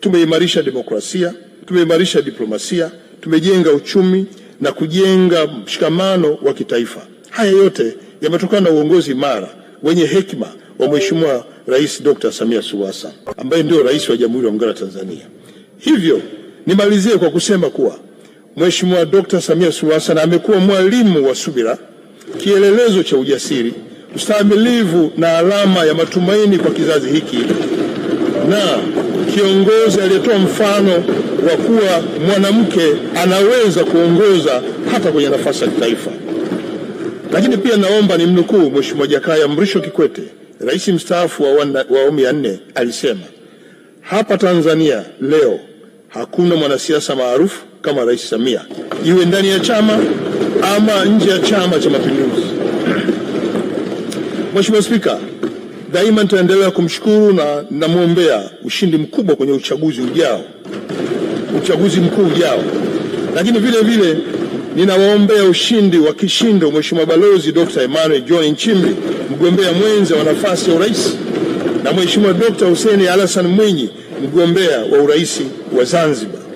Tumeimarisha demokrasia, tumeimarisha diplomasia, tumejenga uchumi na kujenga mshikamano wa kitaifa. Haya yote yametokana na uongozi imara wenye hekima wa Mheshimiwa Rais Dr. Samia Suluhu Hassan ambaye ndio rais wa Jamhuri ya Muungano wa Tanzania. Hivyo nimalizie kwa kusema kuwa Mheshimiwa Dr. Samia Suluhu Hassan amekuwa mwalimu wa subira, kielelezo cha ujasiri, ustahimilivu na alama ya matumaini kwa kizazi hiki na kiongozi aliyetoa mfano wa kuwa mwanamke anaweza kuongoza hata kwenye nafasi ya kitaifa. Lakini pia naomba ni mnukuu Mheshimiwa Jakaya Mrisho Kikwete, rais mstaafu wa awamu ya nne, alisema hapa Tanzania leo hakuna mwanasiasa maarufu kama Rais Samia, iwe ndani ya chama ama nje ya Chama cha Mapinduzi. Mheshimiwa Spika, Daima nitaendelea kumshukuru na namwombea ushindi mkubwa kwenye uchaguzi ujao, uchaguzi mkuu ujao, lakini vile vile ninawaombea ushindi wa kishindo Mheshimiwa Balozi Dr. Emmanuel John Nchimbi, mgombea mwenza wa nafasi ya urais na Mheshimiwa Dr. Hussein Alasan Mwinyi, mgombea wa urais wa Zanzibar.